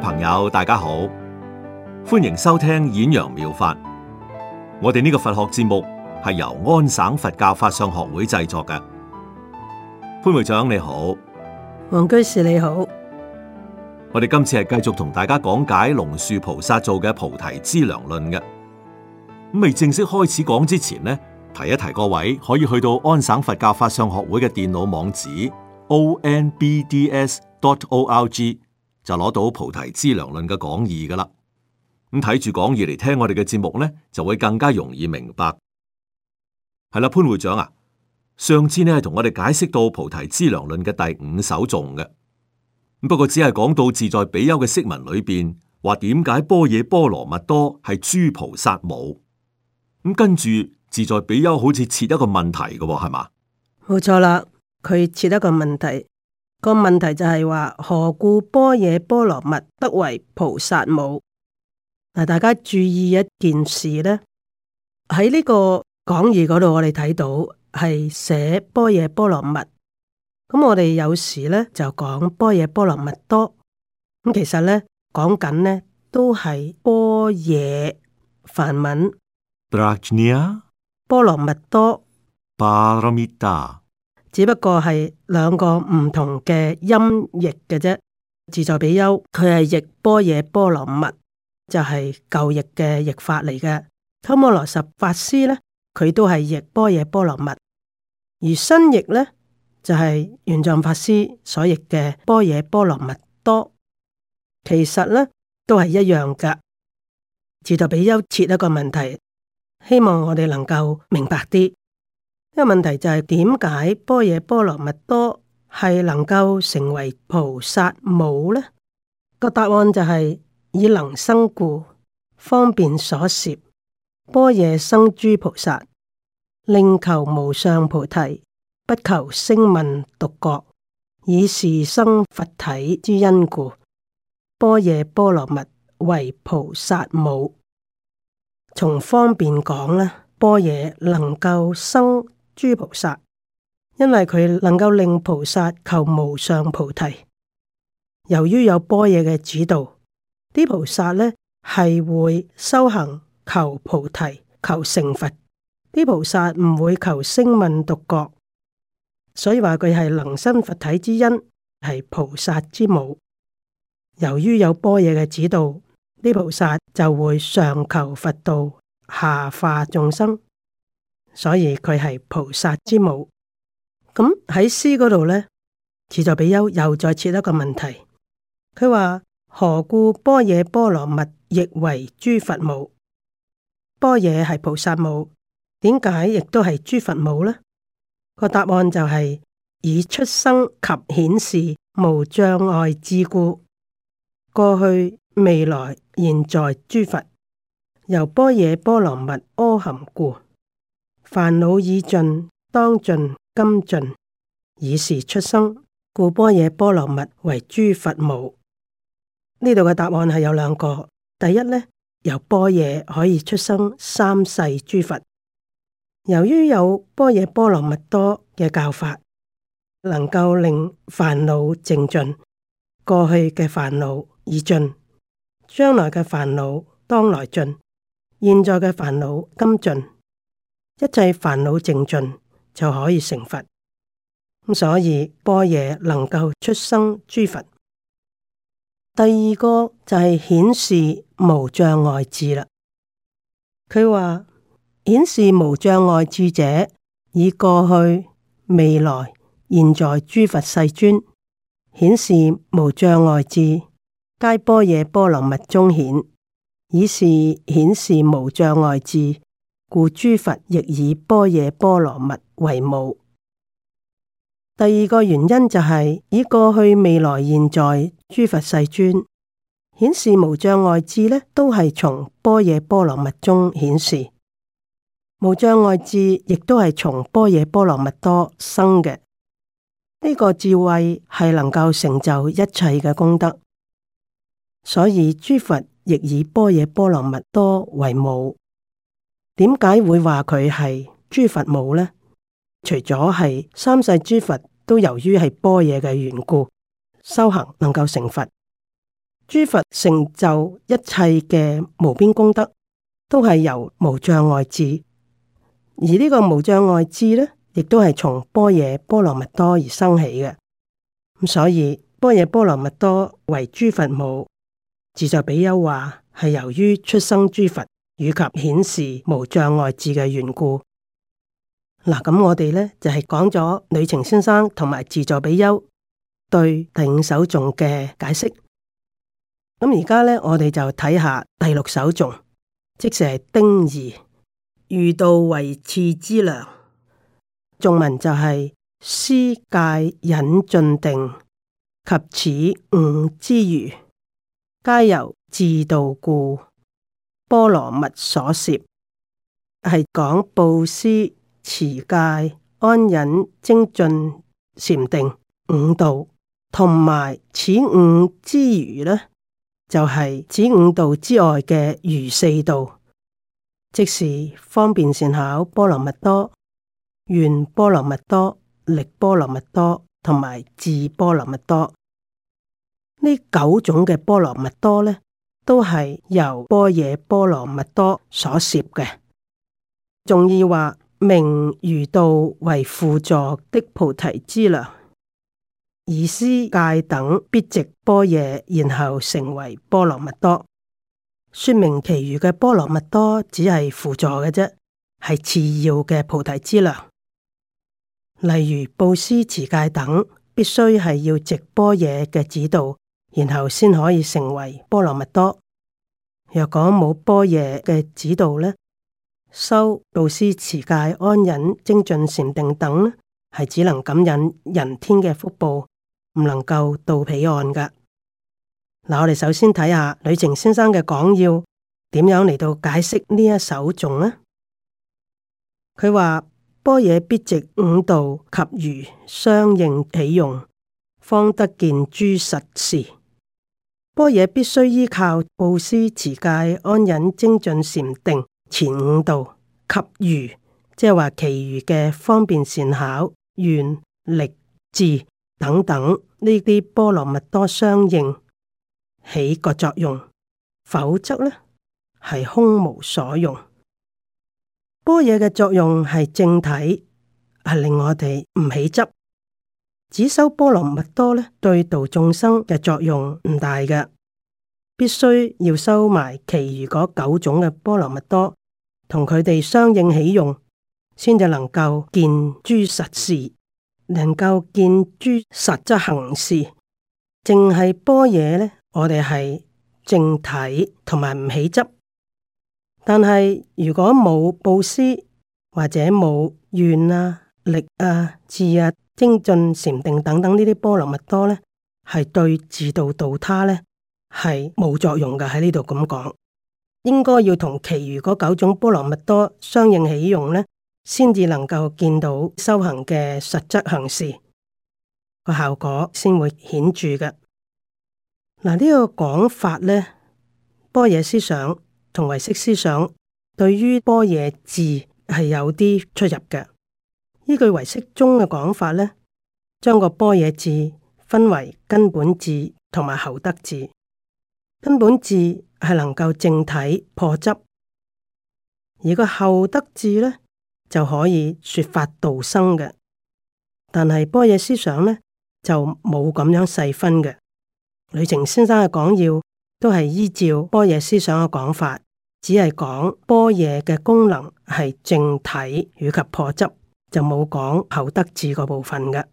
朋友，大家好，歡迎收聽演揚妙，妙法。我哋呢個佛學節目係由安省佛教法相學會製作嘅。潘會長你好，黃居士你好，我哋今次係繼續同大家講解龍樹菩薩造嘅《菩提資糧論》嘅。咁未正式開始講之前呢，提一提各位可以去到安省佛教法相學會嘅電腦網址 o n b d s dot o r g。就攞到《菩提資糧論》嘅講義噶啦，咁睇住講義嚟聽我哋嘅節目咧，就會更加容易明白。係啦，潘會長啊，上次咧係同我哋解釋到《菩提資糧論》嘅第五首頌嘅，不過只係講到自在比丘嘅釋文裏邊，話點解般若波羅蜜多係諸菩薩母。咁跟住自在比丘好似設一個問題嘅，哦，係嘛？冇錯啦，佢設得個問題。個問題就係話何故般若波羅蜜得為菩薩母？嗱，大家注意一件事咧，喺呢個講義嗰度，我哋睇到係寫般若波羅蜜。咁、嗯、我哋有時咧就講般若波羅蜜多。咁、嗯、其實咧講緊咧都係般若梵文。Prajna 波羅蜜多。Bar 只不過係兩個唔同嘅音譯嘅啫。自在比丘佢係譯波耶波羅蜜，就係舊譯嘅譯法嚟嘅。鳩摩羅什法師咧，佢都係譯波耶波羅蜜，而新譯咧就係玄奘法師所譯嘅波耶波羅蜜多。其實咧都係一樣噶。自在比丘設一個問題，希望我哋能夠明白啲。一個問題就係點解般若波羅蜜多係能夠成為菩薩母呢？個答案就係、是、以能生故，方便所攝般若生諸菩薩，令求無上菩提，不求聲聞獨覺，以是生佛體之因故，般若波羅蜜為菩薩母。從方便講啦，般若能夠生。諸菩薩，因為佢能夠令菩薩求無上菩提，由於有般若嘅指導，啲菩薩呢係會修行求菩提，求成佛。啲菩薩唔會求聲聞獨覺，所以話佢係能生佛體之因，係菩薩之母。由於有般若嘅指導，啲菩薩就會上求佛道，下化眾生。所以佢係菩薩之母。咁喺詩嗰度呢，持助比丘又再設一個問題，佢話何故般若波羅蜜亦為諸佛母？般若係菩薩母，點解亦都係諸佛母呢？個答案就係、是、以出生及顯示無障礙之故，過去、未來、現在諸佛由般若波羅蜜阿含故。煩惱已盡，當盡今盡，以是出生故。般若波羅蜜為諸佛母。呢度嘅答案係有兩個。第一咧，由般若可以出生三世諸佛。由於有般若波羅蜜多嘅教法，能夠令煩惱淨盡，過去嘅煩惱已盡，將來嘅煩惱當來盡，現在嘅煩惱今盡。一切煩惱淨盡就可以成佛，所以般若能夠出生諸佛。第二個就係顯示無障礙智。佢話顯示無障礙智者，以過去、未來、現在諸佛世尊顯示無障礙智，皆般若波羅蜜中顯，以是顯示無障礙智。故諸佛亦以般若波羅蜜為母。第二個原因就係、是、以過去、未來、現在諸佛世尊顯示無障礙智，咧，都係從般若波羅蜜中顯示。無障礙智亦都係從般若波羅蜜多生嘅。呢、這個智慧係能夠成就一切嘅功德，所以諸佛亦以般若波羅蜜多為母。點解會話佢係諸佛母呢？除咗係三世諸佛都由於係般若嘅緣故修行，能夠成佛，諸佛成就一切嘅無邊功德，都係由無障礙智。而呢個無障礙智呢，亦都係從般若波羅蜜多而生起嘅。咁所以般若波羅蜜多為諸佛母。自在比丘話係由於出生諸佛，以及顯示無障礙字嘅緣故，嗱咁我哋咧就係講咗女情先生同埋自助比丘對第五首頌嘅解釋。咁而家咧我哋就睇下第六首頌，即是丁二遇到為次之良，眾文就係、是、施戒忍進定及此五之餘，皆由智度故，波羅蜜所攝，係講布施、持戒、安忍、精進、禪定五度。同埋此五之餘呢，就係、是、此五度之外嘅餘四度，即是方便善巧波羅蜜多、願波羅蜜多、力波羅蜜多同埋智波羅蜜多。呢九種嘅波羅蜜多呢。都係由般若波羅蜜多所攝嘅，仲要話明如道為輔助的菩提資糧，而思戒等必直般若，然後成為波羅蜜多。說明其餘嘅波羅蜜多只係輔助嘅啫，係次要嘅菩提資糧。例如布施持戒等，必須係要直般若嘅指導，然後先可以成為波羅蜜多。若果冇般若嘅指導呢修布施、持戒、安忍、精進、禪定等咧，係只能感引人天嘅福報，唔能夠到彼岸噶。嗱，我哋首先睇下呂澄先生嘅講要點樣嚟到解釋呢一首頌呢？佢話般若必藉五度及如相應起用，方得見諸實事。般若必須依靠布施、持戒、安忍、精進、禪定，前五度、及餘，即係話其餘嘅方便善巧、願、力、智等等呢啲波羅蜜多相應起個作用，否則呢係空無所用。般若嘅作用係正體，係令我哋唔起執。只修波羅蜜多咧，對度眾生嘅作用唔大嘅，必須要修埋其餘嗰九種嘅波羅蜜多，同佢哋相應起用，先至能夠見諸實事，能夠見諸實則行事。淨係般若咧，我哋係淨睇同埋唔起執。但係如果冇布施或者冇願啊、力啊、智啊。精進、禪定等等呢啲波羅蜜多咧，係對自度度他咧係冇作用㗎。喺呢度咁講，應該要同其餘嗰九種波羅蜜多相應起用咧，先至能夠見到修行嘅實質行事個效果顯，先會顯著嘅。嗱、這個、呢個講法咧，般若思想同唯識思想對於般若字係有啲出入嘅。呢句為唯識宗嘅講法呢將個般若智分為根本智同埋後得智。根本智係能夠證體破執，而個後得智呢，就可以說法度生嘅。但係般若思想呢，就冇咁樣細分嘅。呂澄先生嘅講要都係依照般若思想嘅講法，只係講般若嘅功能係證體以及破執。就冇講後得智個部分嘅。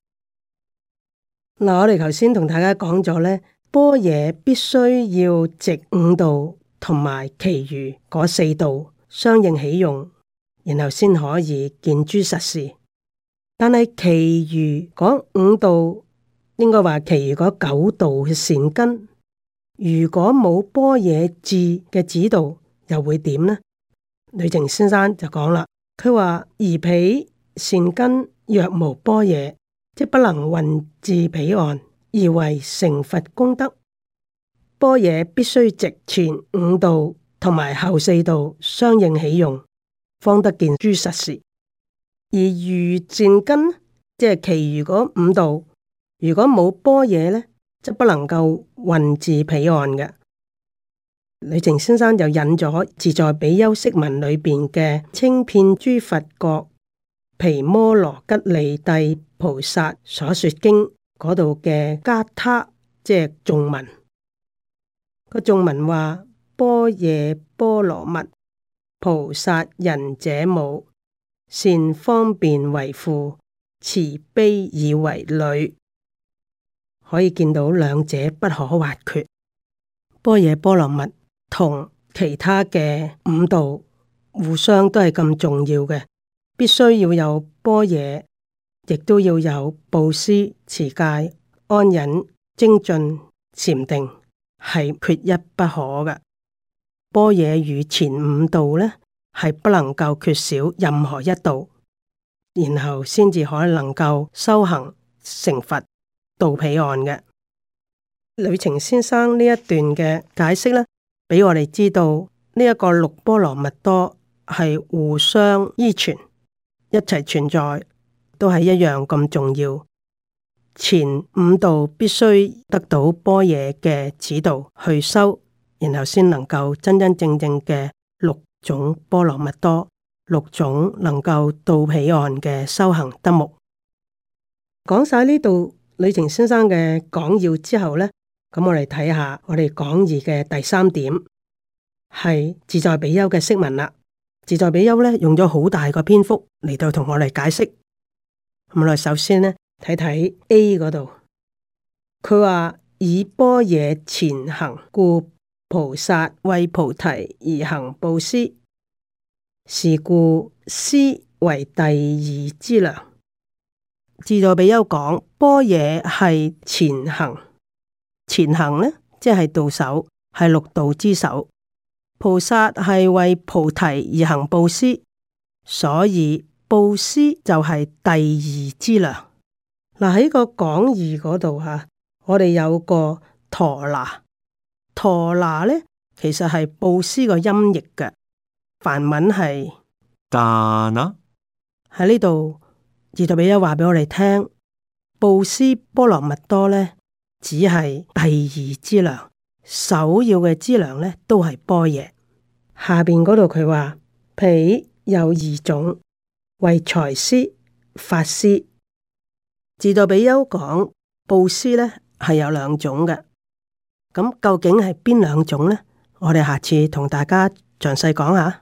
嗱，我哋頭先同大家講咗咧，般若必須要直五度同埋其餘嗰四度相應起用，然後先可以見諸實事。但係其餘嗰五度，應該話其餘嗰九度善根，如果冇般若智嘅指導，又會點呢？呂靜先生就講啦，佢話二皮。而善根若無般若，即不能運至彼岸，而為成佛功德。般若必須直前五度同埋後四度相應起用，方得見諸實事。而餘善根，即其餘嗰五度，如果冇般若呢，即不能夠運至彼岸嘅。呂澂先生就引咗自在比丘釋文裏邊嘅清片諸佛國。《皮摩羅吉利帝菩薩所說經》嗰度嘅加他即係頌文，個頌文話：般若波羅蜜菩薩仁者母，善方便為父，慈悲以為女。可以見到兩者不可或缺。般若波羅蜜同其他嘅五道互相都係咁重要嘅。必須要有般若，亦都要有布施、持戒、安忍、精進、禪定，係缺一不可嘅。般若與前五度呢，係不能夠缺少任何一度，然後先至可能夠修行成佛到彼岸嘅。呂程先生呢一段嘅解釋呢，俾我哋知道呢一個六波羅蜜多係互相依存。一切存在都係一樣咁重要，前五度必須得到般若嘅指導去修，然後先能夠真真正正嘅六種波羅蜜多，六種能夠到彼岸嘅修行德目。講晒呢度呂澂先生嘅講要之後咧，咁我哋睇下我哋講義嘅第三點係自在比丘嘅釋文啦。自在比丘用咗好大個篇幅嚟到同我哋嚟解釋，咁嚟首先咧睇睇 A 嗰度，佢話，以般若前行，故菩薩為菩提而行布施，是故施為第二之糧。自在比丘講般若係前行，前行呢，即係導首，係六度之首。菩薩係為菩提而行布施，所以布施就係第二資糧。嗱、啊、喺個講義嗰度吓，我哋有個陀那。陀那咧其實係布施個音譯嘅，梵文係 dana。喺呢度，二度比一話畀我哋聽，布施波羅蜜多咧，只係第二資糧。首要嘅資糧呢都係般若。下邊嗰度佢話，皮有二種，為財施、法施。智度比丘講布施呢係有兩種嘅。咁究竟係邊兩種呢？我哋下次同大家詳細講下。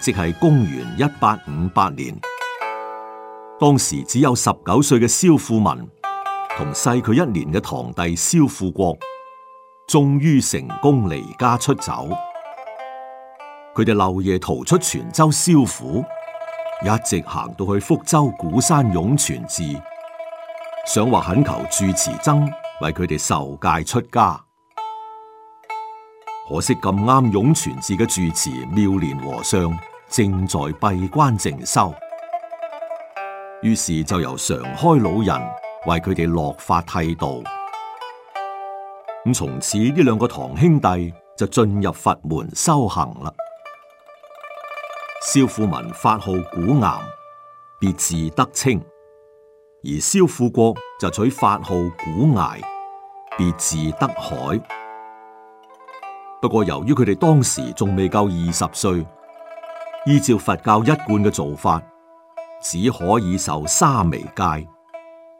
即係公元一八五八年，當時只有十九歲嘅蕭富民同細佢一年嘅堂弟蕭富國，終於成功離家出走。佢哋漏夜逃出泉州蕭府，一直行到去福州鼓山湧泉寺，想話懇求住持僧為佢哋受戒出家。可惜咁啱湧泉寺嘅住持妙蓮和尚，正在閉關靜修，於是就由常開老人為佢哋落髮剃度。咁從此呢兩個堂兄弟就進入佛門修行啦。蕭富文法號古岩，別字德清；而蕭富國就取法號古崖，別字德海。不過由於佢哋當時仲未夠二十歲，依照佛教一貫嘅做法，只可以受沙彌戒，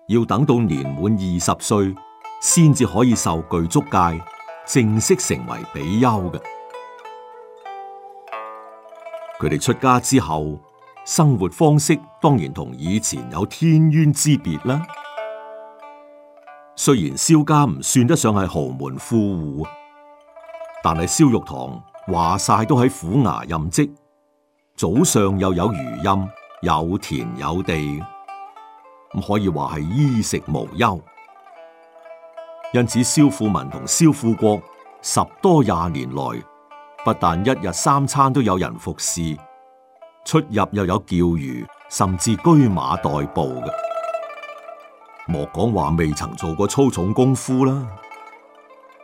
要等到年滿二十歲先至可以受具足戒，正式成為比丘嘅。佢哋出家之後，生活方式當然同以前有天淵之別啦。雖然蕭家唔算得上係豪門富戶，但係蕭玉堂話晒都喺府衙任職。早上又有餘蔭，有田有地，咁可以話係衣食無憂。因此蕭蕭，蕭富民同蕭富國十多廿年來，不但一日三餐都有人服侍，出入又有轎輿，甚至車馬代步嘅。莫講話未曾做過粗重功夫啦，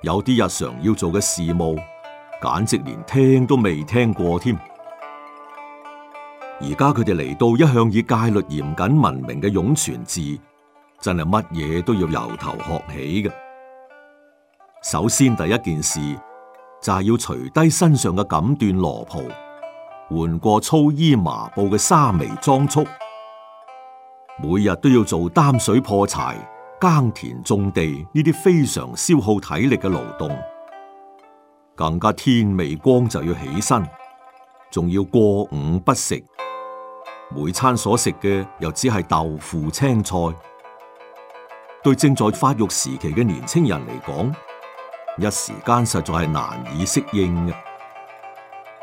有啲日常要做嘅事務，簡直連聽都未聽過添。而家佢哋嚟到一向以戒律嚴謹聞名嘅湧泉寺，真係乜嘢都要由頭學起嘅。首先第一件事就係、是、要除低身上嘅錦緞羅袍，換過粗衣麻布嘅沙彌裝束。每日都要做擔水破柴、耕田種地呢啲非常消耗體力嘅勞動，更加天未光就要起身，仲要過午不食。每餐所食嘅又只係豆腐青菜，對正在發育時期嘅年青人嚟講，一時間實在係難以適應嘅。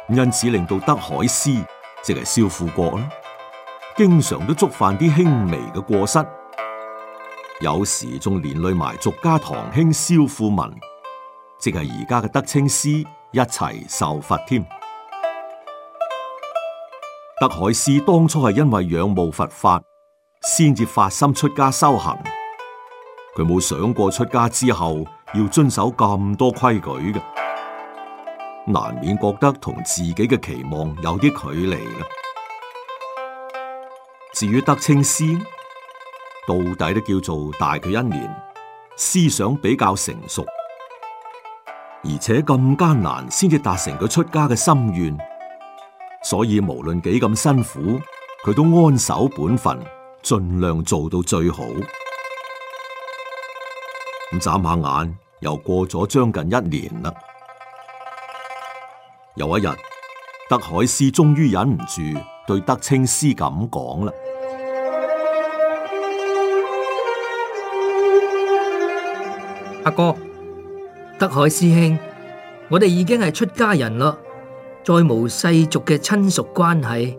因此令到德海師即係蕭富國啦，經常都觸犯啲輕微嘅過失，有時仲連累埋俗家堂兄蕭富文，即係而家嘅德清師一齊受罰添。德海師當初係因為仰慕佛法，先至發心出家修行。佢冇想過出家之後要遵守咁多規矩嘅，難免覺得同自己嘅期望有啲距離啦。至於德清師，到底都叫做大佢一年，思想比較成熟，而且咁艱難先至達成佢出家嘅心願。所以無論幾咁辛苦，佢都安守本分，盡量做到最好。咁眨下眼，又過咗將近一年啦。有一日，德海師終於忍唔住對德清師咁講啦：阿哥，德海師兄，我哋已經係出家人啦。再無世俗嘅親屬關係，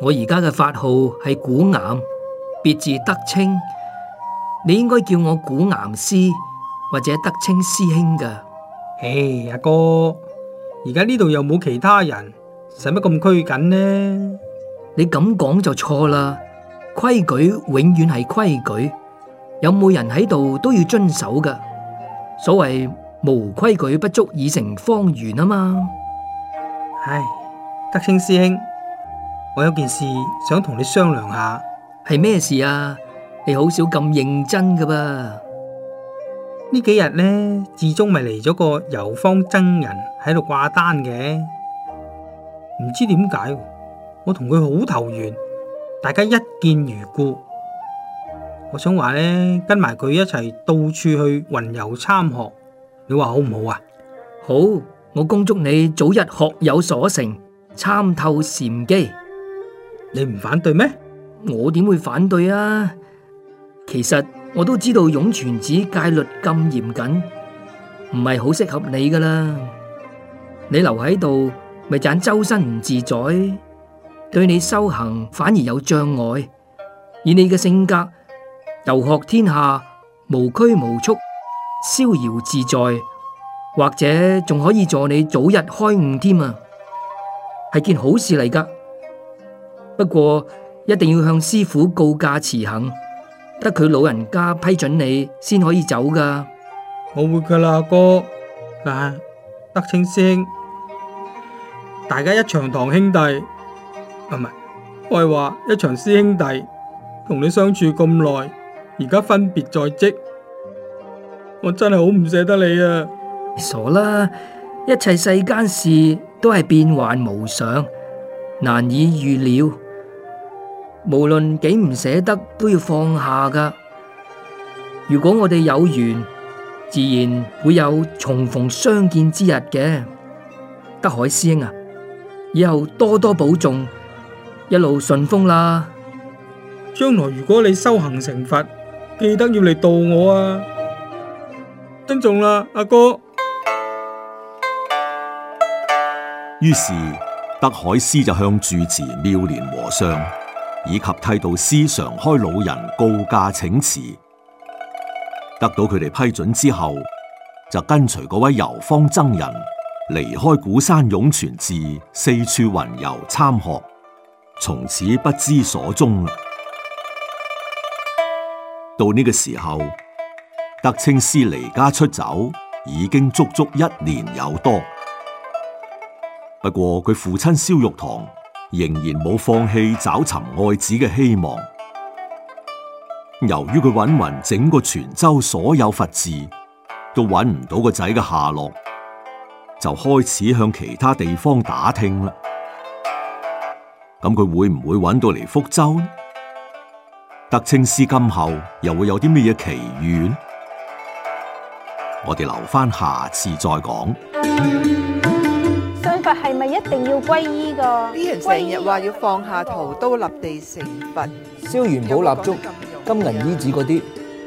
我而家嘅法號係古岩，別字德清。你應該叫我古岩師或者德清師兄噶。唉，阿哥，而家呢度又冇其他人，使乜咁拘謹呢？你咁講就錯啦，規矩永遠係規矩，有冇人喺度都要遵守噶。所謂無規矩不足以成方圓啊嘛。唉，德清師兄，我有件事想同你商量下，係咩事啊？你好少咁認真噶噃？呢幾日咧，寺中咪嚟咗個游方僧人喺度掛單嘅，唔知點解，我同佢好投緣，大家一見如故。我想話咧，跟埋佢一齊到處去雲游參學，你話好唔好啊？好。我恭祝你早日學有所成，參透禪機。你唔反對咩？我點會反對啊？其實我都知道湧泉寺戒律咁嚴謹，唔係好適合你噶啦。你留喺度咪盞周身唔自在，對你修行反而有障礙。以你嘅性格遊學天下，無拘無束，逍遙自在。或者仲可以助你早日開悟添啊，係件好事嚟噶。不過一定要向師父告假辭行，得佢老人家批准你先可以走噶。我會噶啦，哥。啊，德清師兄，大家一場堂兄弟，唔係，我係話一場師兄弟，同你相處咁耐，而家分別在即，我真係好唔捨得你啊！傻啦！一切世間事都係變幻無常，難以預料。無論幾唔捨得，都要放下㗎。如果我哋有緣，自然會有重逢相見之日嘅。德海師兄啊，以後多多保重，一路順風啦。將來如果你修行成佛，記得要嚟度我啊！珍重啦，阿哥。於是，德海師就向住持妙蓮和尚以及剃度師常開老人告假請辭，得到佢哋批准之後，就跟隨嗰位遊方僧人離開鼓山湧泉寺，四處雲遊參學，從此不知所終，到呢個時候，德清師離家出走已經足足一年有多。不過佢父親蕭玉堂仍然冇放棄找尋愛子嘅希望。由於佢揾匀整個泉州所有佛寺，都揾唔到個仔嘅下落，就開始向其他地方打聽啦。咁佢會唔會揾到嚟福州呢？德清師今後又會有啲咩嘢奇遇呢？我哋留翻下次再講。係咪一定要皈依噶？呢啲人成日話要放下屠刀立地成佛，燒元寶蠟燭、金銀衣紙嗰啲，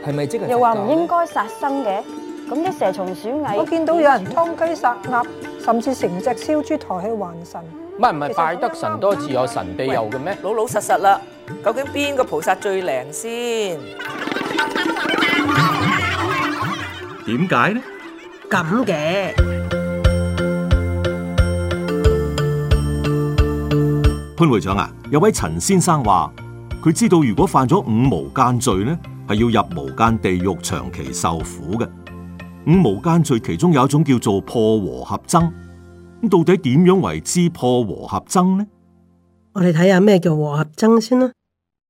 係咪即係？又話唔應該殺生嘅，咁啲蛇蟲鼠蟻，我見到有人劏雞殺鴨，甚至成隻燒豬抬去還神。唔係唔係，拜得神多自有神庇佑嘅咩？老老實實啦，究竟邊個菩薩最靈先？點解呢？咁嘅。潘會長啊，有位陳先生話佢知道，如果犯咗五無間罪咧，係要入無間地獄長期受苦嘅。五無間罪其中有一種叫做破和合僧，咁到底點樣為之破和合僧呢？我哋睇下咩叫和合僧先啦，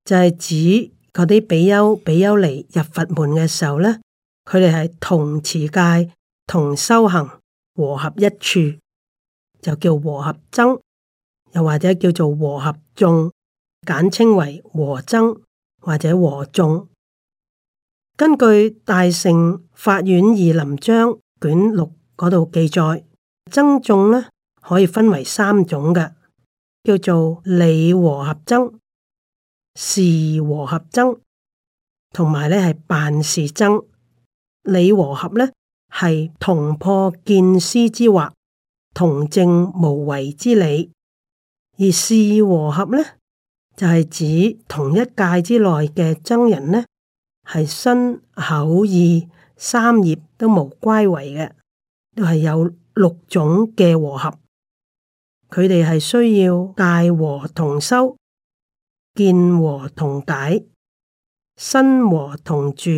就係、是、指嗰啲比丘、比丘尼入佛門嘅時候咧，佢哋係同持戒、同修行、和合一處，就叫和合僧。又或者叫做和合眾，簡稱為和僧或者和眾。根據大乘法苑義林章卷六嗰度記載，僧眾咧可以分為三種嘅，叫做理和合僧、事和合僧，同埋咧係辦事僧。理和合咧係同破見思之惑，同證無為之理。而四和合呢，就係、是、指同一界之內嘅僧人呢，係身口意三業都無乖違嘅，都係有六種嘅和合。佢哋係需要戒和同修，見和同解，身和同住，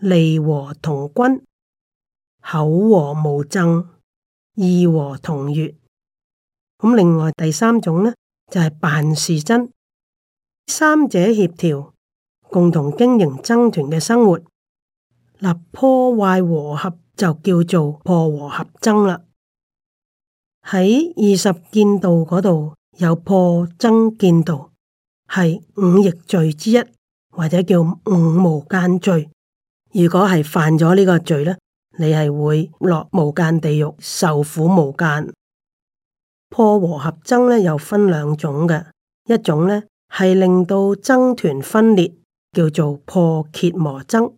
利和同均，口和無爭，意和同悅。咁另外第三種呢，就係、是、辦事僧三者協調，共同經營僧團嘅生活。嗱，破壞和合就叫做破和合僧啦。喺二十見道嗰度有破僧見道，係五逆罪之一，或者叫五無間罪。如果係犯咗呢個罪呢，你係會落無間地獄受苦無間。破和合僧咧，又分兩種嘅，一種咧係令到僧團分裂，叫做破羯磨僧；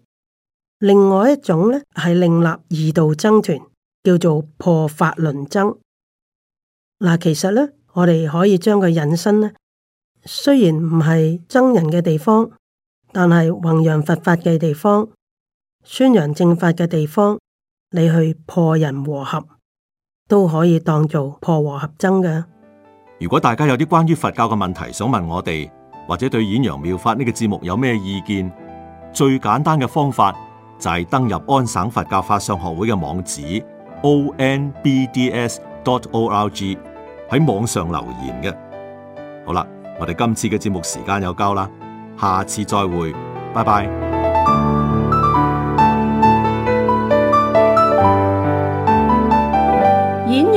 另外一種咧係另立二度僧團，叫做破法輪僧。嗱，其實咧，我哋可以將佢引申咧，雖然唔係僧人嘅地方，但係弘揚佛法嘅地方、宣揚正法嘅地方，你去破人和合。都可以當做破和合僧嘅。如果大家有啲關於佛教嘅問題想問我哋，或者對《演揚妙法》呢、這個節目有咩意見，最簡單嘅方法就係登入安省佛教法相學會嘅網址 o n b d s dot o r g 喺網上留言嘅。好啦，我哋今次嘅節目時間又夠啦，下次再會，拜拜。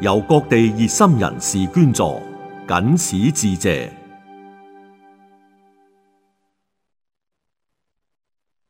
由各地熱心人士捐助，謹此致謝。